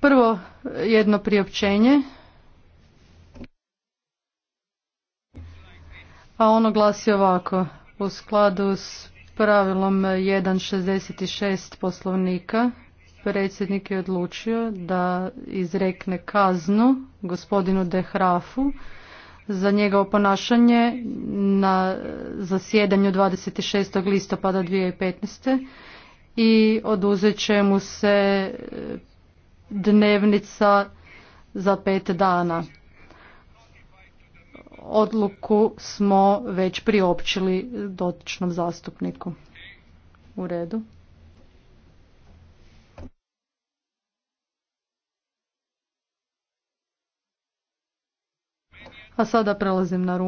Prvo jedno priopćenje. A ono glasi ovako. U skladu s pravilom 1.66 poslovnika predsjednik je odlučio da izrekne kaznu gospodinu Dehrafu za njegovo ponašanje na zasjedanju 26. listopada 2015. i oduzet će mu se dnevnica za pet dana. Odluku smo već priopćili dotičnom zastupniku. U redu. A sada prelazim na